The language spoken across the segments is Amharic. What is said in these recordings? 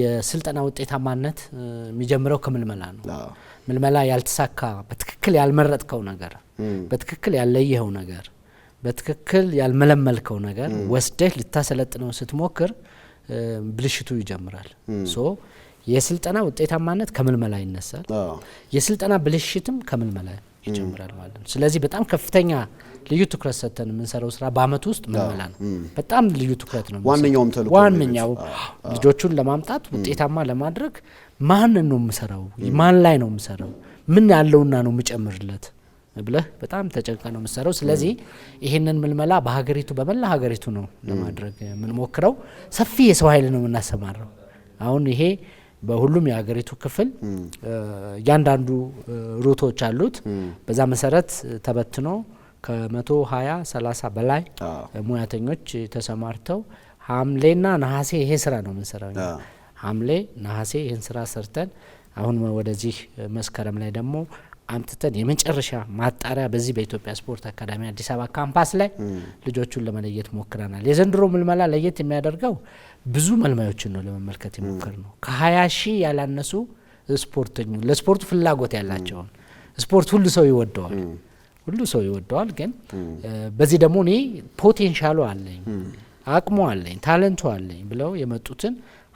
የስልጠና ውጤታማነት የሚጀምረው ከምልመላ ነው። ምልመላ ያልተሳካ በትክክል ያልመረጥከው ነገር፣ በትክክል ያለየኸው ነገር፣ በትክክል ያልመለመልከው ነገር ወስደህ ልታሰለጥነው ስትሞክር ብልሽቱ ይጀምራል። ሶ የስልጠና ውጤታማነት ከምልመላ ይነሳል። የስልጠና ብልሽትም ከምልመላ ይጨምራል ማለት ነው። ስለዚህ በጣም ከፍተኛ ልዩ ትኩረት ሰጥተን የምንሰራው ስራ በአመት ውስጥ ምልመላ ነው። በጣም ልዩ ትኩረት ነው። ዋነኛውም ተልእኮ ዋነኛው ልጆቹን ለማምጣት ውጤታማ ለማድረግ ማንን ነው የምሰራው፣ ማን ላይ ነው የምሰራው፣ ምን ያለውና ነው የምጨምርለት ብለህ በጣም ተጨንቀ ነው የምሰራው። ስለዚህ ይህንን ምልመላ በሀገሪቱ በመላ ሀገሪቱ ነው ለማድረግ የምንሞክረው። ሰፊ የሰው ኃይል ነው የምናሰማረው። አሁን ይሄ በሁሉም የሀገሪቱ ክፍል እያንዳንዱ ሩቶች አሉት። በዛ መሰረት ተበትኖ ከመቶ ሀያ ሰላሳ በላይ ሙያተኞች ተሰማርተው ሐምሌና ነሐሴ ይሄ ስራ ነው የምንሰራው። ሐምሌ ነሐሴ ይህን ስራ ሰርተን አሁን ወደዚህ መስከረም ላይ ደግሞ አምትተን የመጨረሻ ማጣሪያ በዚህ በኢትዮጵያ ስፖርት አካዳሚ አዲስ አበባ ካምፓስ ላይ ልጆቹን ለመለየት ሞክረናል። የዘንድሮ ምልመላ ለየት የሚያደርገው ብዙ መልማዮችን ነው ለመመልከት የሞከር ነው። ከሀያ ሺህ ያላነሱ ስፖርተኞች ለስፖርቱ ፍላጎት ያላቸውን ስፖርት ሁሉ ሰው ይወደዋል፣ ሁሉ ሰው ይወደዋል። ግን በዚህ ደግሞ እኔ ፖቴንሻሉ አለኝ አቅሙ አለኝ ታለንቱ አለኝ ብለው የመጡትን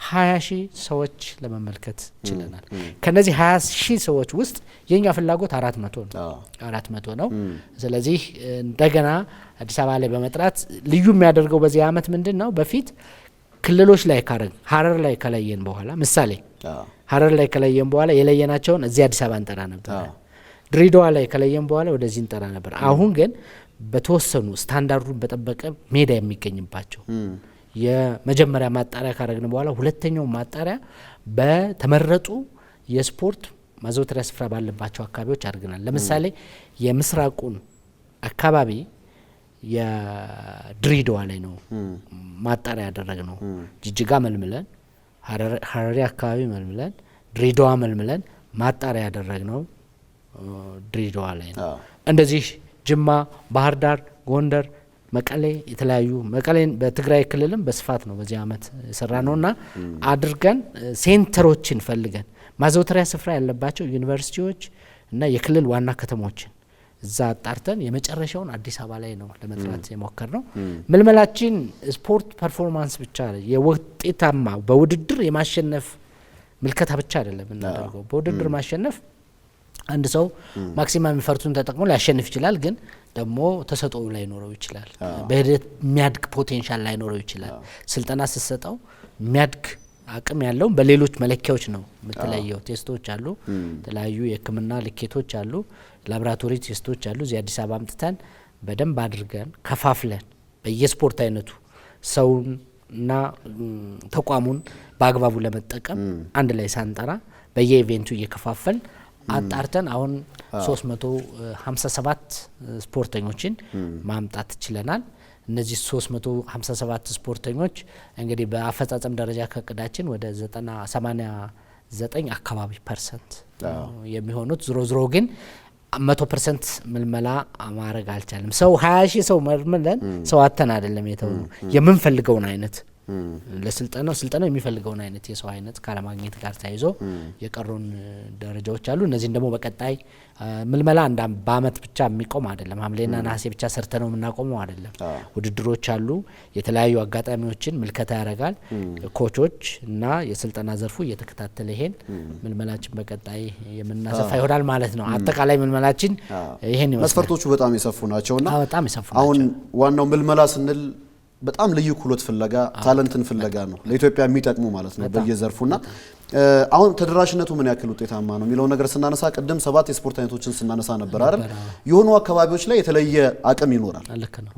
ሀያ ሺህ ሰዎች ለመመልከት ችለናል። ከነዚህ ሀያ ሺህ ሰዎች ውስጥ የኛ ፍላጎት አራት መቶ ነው አራት መቶ ነው። ስለዚህ እንደገና አዲስ አበባ ላይ በመጥራት ልዩ የሚያደርገው በዚህ አመት ምንድን ነው? በፊት ክልሎች ላይ ካረግ ሀረር ላይ ከለየን በኋላ ምሳሌ ሀረር ላይ ከለየን በኋላ የለየናቸውን እዚህ አዲስ አበባ እንጠራ ነበር። ድሬዳዋ ላይ ከለየን በኋላ ወደዚህ እንጠራ ነበር። አሁን ግን በተወሰኑ ስታንዳርዱን በጠበቀ ሜዳ የሚገኝባቸው የመጀመሪያ ማጣሪያ ካረግን በኋላ ሁለተኛው ማጣሪያ በተመረጡ የስፖርት ማዘውተሪያ ስፍራ ባለባቸው አካባቢዎች አድርገናል። ለምሳሌ የምስራቁን አካባቢ የድሬዳዋ ላይ ነው ማጣሪያ ያደረግ ነው። ጅጅጋ መልምለን፣ ሀረሪ አካባቢ መልምለን፣ ድሬዳዋ መልምለን ማጣሪያ ያደረግ ነው ድሬዳዋ ላይ ነው እንደዚህ ጅማ፣ ባህር ዳር፣ ጎንደር፣ መቀሌ የተለያዩ መቀሌን በትግራይ ክልልም በስፋት ነው በዚህ አመት የሰራ እና አድርገን ሴንተሮችን ፈልገን ማዘውተሪያ ስፍራ ያለባቸው ዩኒቨርሲቲዎች እና የክልል ዋና ከተሞችን እዛ አጣርተን የመጨረሻውን አዲስ አበባ ላይ ነው ለመጥራት የሞከር ነው። ምልመላችን ስፖርት ፐርፎርማንስ ብቻ የውጤታማ በውድድር የማሸነፍ ምልከታ ብቻ አይደለም እናደርገው በውድድር ማሸነፍ አንድ ሰው ማክሲማም ኢፈርቱን ተጠቅሞ ሊያሸንፍ ይችላል፣ ግን ደግሞ ተሰጥኦ ላይኖረው ይችላል። በሂደት የሚያድግ ፖቴንሻል ላይኖረው ይችላል። ስልጠና ስትሰጠው የሚያድግ አቅም ያለውን በሌሎች መለኪያዎች ነው የምትለየው። ቴስቶች አሉ፣ የተለያዩ የሕክምና ልኬቶች አሉ፣ ላብራቶሪ ቴስቶች አሉ። እዚህ አዲስ አበባ አምጥተን በደንብ አድርገን ከፋፍለን በየስፖርት አይነቱ ሰውና ተቋሙን በአግባቡ ለመጠቀም አንድ ላይ ሳንጠራ በየኢቬንቱ እየከፋፈል አጣርተን አሁን 357 ስፖርተኞችን ማምጣት ችለናል። እነዚህ 357 ስፖርተኞች እንግዲህ በአፈጻጸም ደረጃ ከእቅዳችን ወደ 89 አካባቢ ፐርሰንት የሚሆኑት ዝሮ ዝሮ ግን መቶ ፐርሰንት ምልመላ ማድረግ አልቻለም። ሰው ሀያ ሺህ ሰው መርምለን ሰው አተን አይደለም የተው የምንፈልገውን አይነት ለስልጠናው ስልጠናው የሚፈልገውን አይነት የሰው አይነት ካለማግኘት ጋር ተያይዞ የቀሩን ደረጃዎች አሉ። እነዚህን ደግሞ በቀጣይ ምልመላ እንዳ በአመት ብቻ የሚቆም አይደለም። ሐምሌና ነሐሴ ብቻ ሰርተ ነው የምናቆመው አይደለም። ውድድሮች አሉ። የተለያዩ አጋጣሚዎችን ምልከታ ያደርጋል። ኮቾች እና የስልጠና ዘርፉ እየተከታተለ ይሄን ምልመላችን በቀጣይ የምናሰፋ ይሆናል ማለት ነው። አጠቃላይ ምልመላችን ይሄን መስፈርቶቹ በጣም የሰፉ ናቸውና በጣም የሰፉ ናቸው። አሁን ዋናው ምልመላ ስንል በጣም ልዩ ክህሎት ፍለጋ ታለንትን ፍለጋ ነው ለኢትዮጵያ የሚጠቅሙ ማለት ነው በየዘርፉና አሁን ተደራሽነቱ ምን ያክል ውጤታማ ነው የሚለውን ነገር ስናነሳ ቅድም ሰባት የስፖርት አይነቶችን ስናነሳ ነበር አይደል? የሆኑ አካባቢዎች ላይ የተለየ አቅም ይኖራል።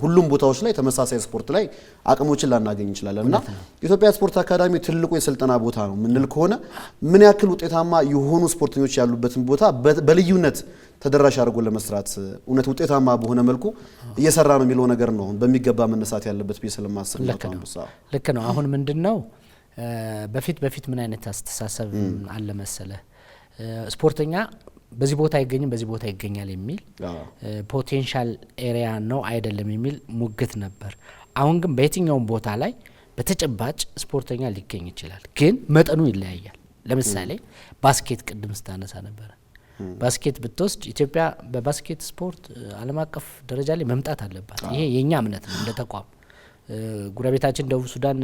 ሁሉም ቦታዎች ላይ ተመሳሳይ ስፖርት ላይ አቅሞችን ላናገኝ እንችላለን እና ኢትዮጵያ ስፖርት አካዳሚ ትልቁ የስልጠና ቦታ ነው ምንል ከሆነ ምን ያክል ውጤታማ የሆኑ ስፖርተኞች ያሉበትን ቦታ በልዩነት ተደራሽ አድርጎ ለመስራት እውነት ውጤታማ በሆነ መልኩ እየሰራ ነው የሚለው ነገር ነው በሚገባ መነሳት ያለበት ብዬ ስለማስብ ልክ ነው። አሁን ምንድን ነው በፊት በፊት ምን አይነት አስተሳሰብ አለ መሰለ ስፖርተኛ በዚህ ቦታ አይገኝም፣ በዚህ ቦታ ይገኛል የሚል ፖቴንሻል ኤሪያ ነው አይደለም የሚል ሙግት ነበር። አሁን ግን በየትኛውም ቦታ ላይ በተጨባጭ ስፖርተኛ ሊገኝ ይችላል፣ ግን መጠኑ ይለያያል። ለምሳሌ ባስኬት ቅድም ስታነሳ ነበረ። ባስኬት ብትወስድ ኢትዮጵያ በባስኬት ስፖርት ዓለም አቀፍ ደረጃ ላይ መምጣት አለባት። ይሄ የእኛ እምነት ነው እንደ ተቋም ጉረቤታችን ደቡብ ሱዳን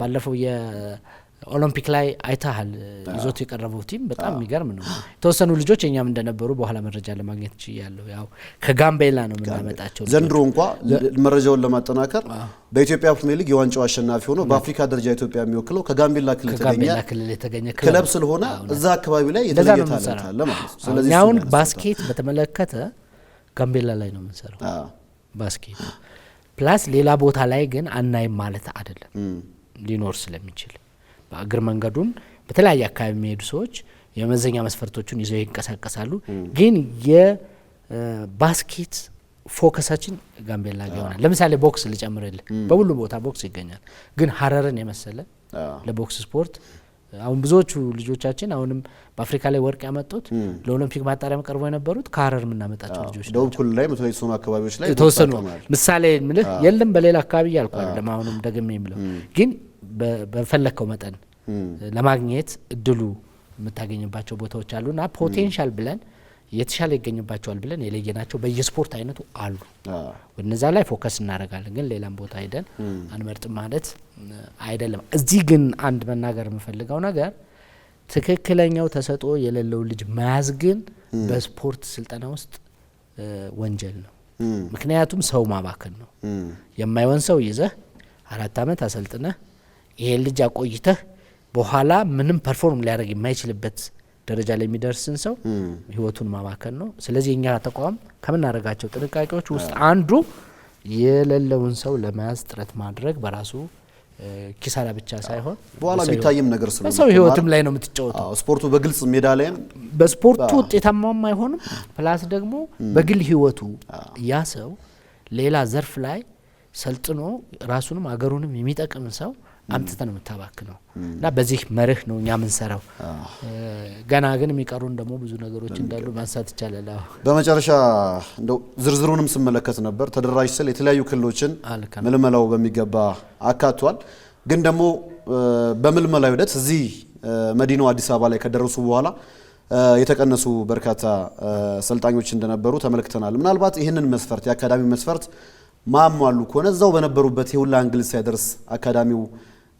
ባለፈው የኦሎምፒክ ላይ አይተሃል፣ ይዞት የቀረበው ቲም በጣም የሚገርም ነው። የተወሰኑ ልጆች እኛም እንደነበሩ በኋላ መረጃ ለማግኘት ችያለሁ። ያው ከጋምቤላ ነው የምናመጣቸው። ዘንድሮ እንኳ መረጃውን ለማጠናከር በኢትዮጵያ ፕሪሚየር ሊግ የዋንጫው አሸናፊ ሆኖ በአፍሪካ ደረጃ ኢትዮጵያ የሚወክለው ከጋምቤላ ክልል የተገኘ ክለብ ስለሆነ እዛ አካባቢ ላይ የተለየ ታለንት አለ ማለት ነው። አሁን ባስኬት በተመለከተ ጋምቤላ ላይ ነው የምንሰራው ባስኬት ፕላስ ሌላ ቦታ ላይ ግን አናይም ማለት አይደለም፣ ሊኖር ስለሚችል በእግር መንገዱን በተለያየ አካባቢ የሚሄዱ ሰዎች የመዘኛ መስፈርቶቹን ይዘው ይንቀሳቀሳሉ። ግን የባስኬት ፎከሳችን ጋምቤላ ይሆናል። ለምሳሌ ቦክስ ልጨምርልህ፣ በሁሉ ቦታ ቦክስ ይገኛል። ግን ሀረርን የመሰለ ለቦክስ ስፖርት አሁን ብዙዎቹ ልጆቻችን አሁንም በአፍሪካ ላይ ወርቅ ያመጡት ለኦሎምፒክ ማጣሪያም ቀርቦ የነበሩት ከሀረር የምናመጣቸው ልጆች ደቡብ ክልል ላይ የተወሰኑ አካባቢዎች ላይ የተወሰኑ ምሳሌ ምልህ የለም በሌላ አካባቢ እያልኩ አይደለም። አሁንም ደግሜ የምለው ግን በፈለግከው መጠን ለማግኘት እድሉ የምታገኝባቸው ቦታዎች አሉና ፖቴንሻል ብለን የተሻለ ይገኝባቸዋል ብለን የለየናቸው በየስፖርት አይነቱ አሉ። እነዛ ላይ ፎከስ እናደርጋለን፣ ግን ሌላም ቦታ ሄደን አንመርጥም ማለት አይደለም። እዚህ ግን አንድ መናገር የምፈልገው ነገር ትክክለኛው ተሰጥኦ የሌለው ልጅ መያዝ ግን በስፖርት ስልጠና ውስጥ ወንጀል ነው። ምክንያቱም ሰው ማባከን ነው። የማይሆን ሰው ይዘህ አራት ዓመት አሰልጥነህ ይሄን ልጅ አቆይተህ በኋላ ምንም ፐርፎርም ሊያደርግ የማይችልበት ደረጃ ላይ የሚደርስን ሰው ህይወቱን ማባከን ነው። ስለዚህ እኛ ተቋም ከምናደርጋቸው ጥንቃቄዎች ውስጥ አንዱ የሌለውን ሰው ለመያዝ ጥረት ማድረግ በራሱ ኪሳራ ብቻ ሳይሆን በኋላ የሚታይም ነገር ስለ ሰው ህይወትም ላይ ነው የምትጫወተው። ስፖርቱ በግልጽ ሜዳ ላይም በስፖርቱ ውጤታማውም አይሆንም። ፕላስ ደግሞ በግል ህይወቱ ያ ሰው ሌላ ዘርፍ ላይ ሰልጥኖ ራሱንም አገሩንም የሚጠቅም ሰው አምጥተ ነው የምታባክ ነው እና በዚህ መርህ ነው እኛ የምንሰራው። ገና ግን የሚቀሩን ደግሞ ብዙ ነገሮች እንዳሉ ማንሳት ይቻላል። በመጨረሻ እንደው ዝርዝሩንም ስመለከት ነበር ተደራጅ ስል የተለያዩ ክልሎችን ምልመላው በሚገባ አካቷል። ግን ደግሞ በምልመላ ሂደት እዚህ መዲናው አዲስ አበባ ላይ ከደረሱ በኋላ የተቀነሱ በርካታ ሰልጣኞች እንደነበሩ ተመልክተናል። ምናልባት ይህንን መስፈርት የአካዳሚ መስፈርት ማሟሉ ከሆነ እዛው በነበሩበት የሁላ እንግሊዝ ሳይደርስ አካዳሚው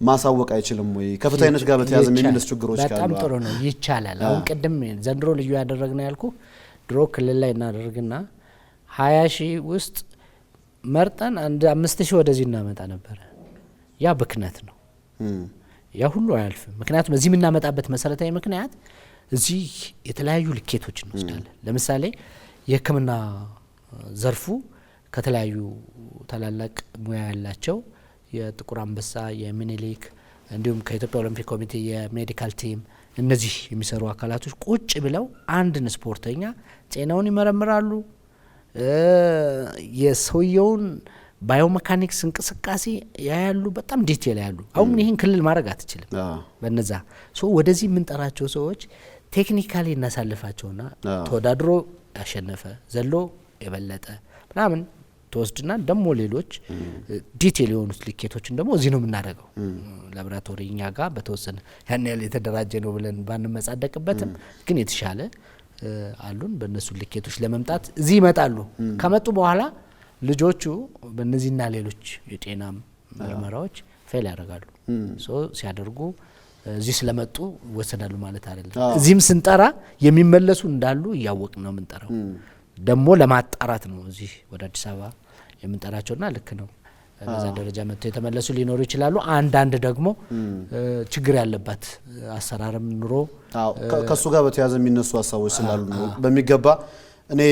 ማሳወቅ አይችልም ወይ? ከፍትሃዊነት ጋር በተያያዘ የሚመለስ ችግሮች ካሉ በጣም ጥሩ ነው፣ ይቻላል። አሁን ቅድም ዘንድሮ ልዩ ያደረግነው ያልኩ ድሮ ክልል ላይ እናደርግና ሀያ ሺህ ውስጥ መርጠን አንድ አምስት ሺህ ወደዚህ እናመጣ ነበረ። ያ ብክነት ነው። ያ ሁሉ አያልፍም። ምክንያቱም እዚህ የምናመጣበት መሰረታዊ ምክንያት እዚህ የተለያዩ ልኬቶች እንወስዳለን። ለምሳሌ የሕክምና ዘርፉ ከተለያዩ ታላላቅ ሙያ ያላቸው የጥቁር አንበሳ፣ የሚኒሊክ እንዲሁም ከኢትዮጵያ ኦሎምፒክ ኮሚቴ የሜዲካል ቲም እነዚህ የሚሰሩ አካላቶች ቁጭ ብለው አንድን ስፖርተኛ ጤናውን ይመረምራሉ። የሰውየውን ባዮሜካኒክስ እንቅስቃሴ ያያሉ። በጣም ዲቴል ያሉ። አሁን ይህን ክልል ማድረግ አትችልም። በነዛ ወደዚህ የምንጠራቸው ሰዎች ቴክኒካሊ እናሳልፋቸውና ተወዳድሮ ያሸነፈ ዘሎ የበለጠ ምናምን ትወስድና ደግሞ ሌሎች ዲቴል የሆኑት ልኬቶችን ደግሞ እዚህ ነው የምናደርገው። ላብራቶሪ እኛ ጋር በተወሰነ ያን ያህል የተደራጀ ነው ብለን ባንመጻደቅበትም ግን የተሻለ አሉን። በእነሱ ልኬቶች ለመምጣት እዚህ ይመጣሉ። ከመጡ በኋላ ልጆቹ በእነዚህና ሌሎች የጤና ምርመራዎች ፌል ያደርጋሉ። ሲያደርጉ እዚህ ስለመጡ ይወሰዳሉ ማለት አይደለም። እዚህም ስንጠራ የሚመለሱ እንዳሉ እያወቅ ነው የምንጠራው። ደግሞ ለማጣራት ነው እዚህ ወደ አዲስ አበባ የምንጠራቸውና ልክ ነው በዛን ደረጃ መጥተው የተመለሱ ሊኖሩ ይችላሉ። አንዳንድ ደግሞ ችግር ያለባት አሰራርም ኑሮ ከእሱ ጋር በተያያዘ የሚነሱ ሀሳቦች ስላሉ ነው በሚገባ እኔ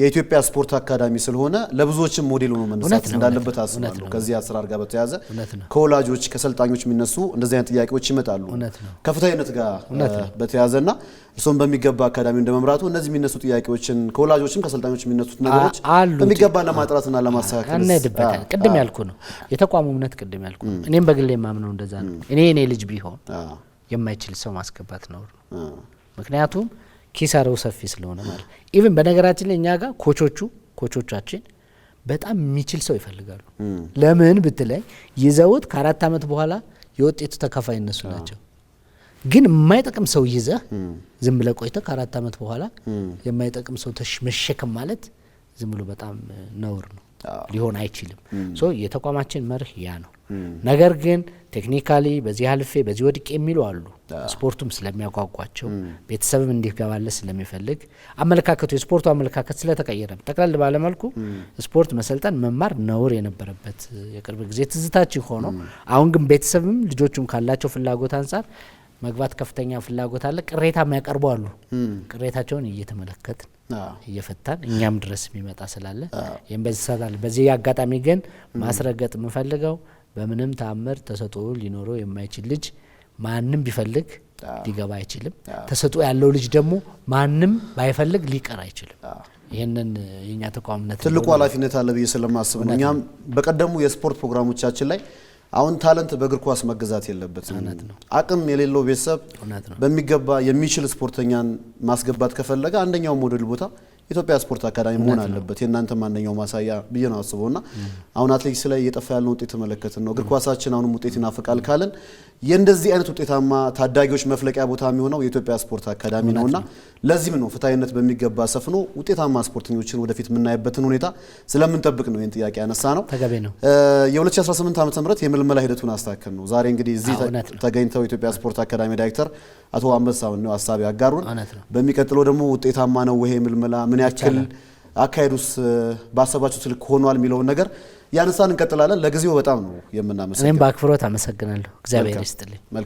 የኢትዮጵያ ስፖርት አካዳሚ ስለሆነ ለብዙዎችም ሞዴል ሆኖ መነሳት እንዳለበት አስባለሁ። ከዚህ አሰራር ጋር በተያያዘ ከወላጆች ከሰልጣኞች የሚነሱ እንደዚህ አይነት ጥያቄዎች ይመጣሉ ከፍትሃዊነት ጋር በተያያዘ እና እርስዎም በሚገባ አካዳሚ እንደመምራቱ እነዚህ የሚነሱ ጥያቄዎችን ከወላጆችም ከሰልጣኞች የሚነሱት ነገሮች በሚገባ ለማጥራትና ለማስተካከል እንሄድበታል። ቅድም ያልኩ ነው የተቋሙ እምነት፣ ቅድም ያልኩ ነው እኔም በግሌ የማምነው እንደዛ ነው። እኔ እኔ ልጅ ቢሆን የማይችል ሰው ማስገባት ነው ምክንያቱም ኪሳራው ሰፊ ስለሆነ ማለት ኢቭን በነገራችን ላይ እኛ ጋር ኮቾቹ ኮቾቻችን በጣም የሚችል ሰው ይፈልጋሉ። ለምን ብትለኝ ይዘውት ከአራት ዓመት በኋላ የውጤቱ ተካፋይ እነሱ ናቸው። ግን የማይጠቅም ሰው ይዘህ ዝም ብለህ ቆይተህ ከአራት ዓመት በኋላ የማይጠቅም ሰው መሸከም ማለት ዝም ብሎ በጣም ነውር ነው። ሊሆን አይችልም። ሶ የተቋማችን መርህ ያ ነው። ነገር ግን ቴክኒካሊ በዚህ አልፌ በዚህ ወድቅ የሚሉ አሉ። ስፖርቱም ስለሚያጓጓቸው ቤተሰብም እንዲገባለ ስለሚፈልግ አመለካከቱ የስፖርቱ አመለካከት ስለተቀየረ ጠቅለል ባለመልኩ ስፖርት መሰልጠን መማር ነውር የነበረበት የቅርብ ጊዜ ትዝታችን ሆኖ አሁን ግን ቤተሰብም ልጆቹም ካላቸው ፍላጎት አንጻር መግባት ከፍተኛ ፍላጎት አለ። ቅሬታ የሚያቀርቡ አሉ። ቅሬታቸውን እየተመለከትን እየፈታን እኛም ድረስ የሚመጣ ስላለ ይህም በዚህ አለ። በዚህ አጋጣሚ ግን ማስረገጥ የምፈልገው በምንም ተአምር ተሰጥኦ ሊኖረው የማይችል ልጅ ማንም ቢፈልግ ሊገባ አይችልም። ተሰጥኦ ያለው ልጅ ደግሞ ማንም ባይፈልግ ሊቀር አይችልም። ይህንን የእኛ ተቋምነት ትልቁ ኃላፊነት አለ ብዬ ስለማስብ ነው። እኛም በቀደሙ የስፖርት ፕሮግራሞቻችን ላይ አሁን ታለንት በእግር ኳስ መገዛት የለበትም። አቅም የሌለው ቤተሰብ በሚገባ የሚችል ስፖርተኛን ማስገባት ከፈለገ አንደኛው ሞዴል ቦታ ኢትዮጵያ ስፖርት አካዳሚ መሆን አለበት። የእናንተ ማንኛው ማሳያ ብዬ ነው አስበው እና አሁን አትሌቲክስ ላይ እየጠፋ ያለን ውጤት ተመለከትን ነው። እግር ኳሳችን አሁንም ውጤት ይናፍቃል ካልን የእንደዚህ አይነት ውጤታማ ታዳጊዎች መፍለቂያ ቦታ የሚሆነው የኢትዮጵያ ስፖርት አካዳሚ ነውና ለዚህም ነው ፍትሐዊነት በሚገባ ሰፍኖ ውጤታማ ስፖርተኞችን ወደፊት የምናይበትን ሁኔታ ስለምንጠብቅ ነው ይህን ጥያቄ ያነሳ ነው። ተገቢ ነው። የ2018 ዓ ም የምልመላ ሂደቱን አስታከል ነው። ዛሬ እንግዲህ እዚህ ተገኝተው የኢትዮጵያ ስፖርት አካዳሚ ዳይሬክተር አቶ አንበሳውን ነው ሀሳብ ያጋሩን። በሚቀጥለው ደግሞ ውጤታማ ነው ይሄ ምልመላ ምን ያክል አካሄዱስ ባሰባችሁት ልክ ሆኗል የሚለውን ነገር ያነሳን እንቀጥላለን። ለጊዜው በጣም ነው የምናመሰግነው። እኔም በአክብሮት አመሰግናለሁ። እግዚአብሔር ይስጥልኝ።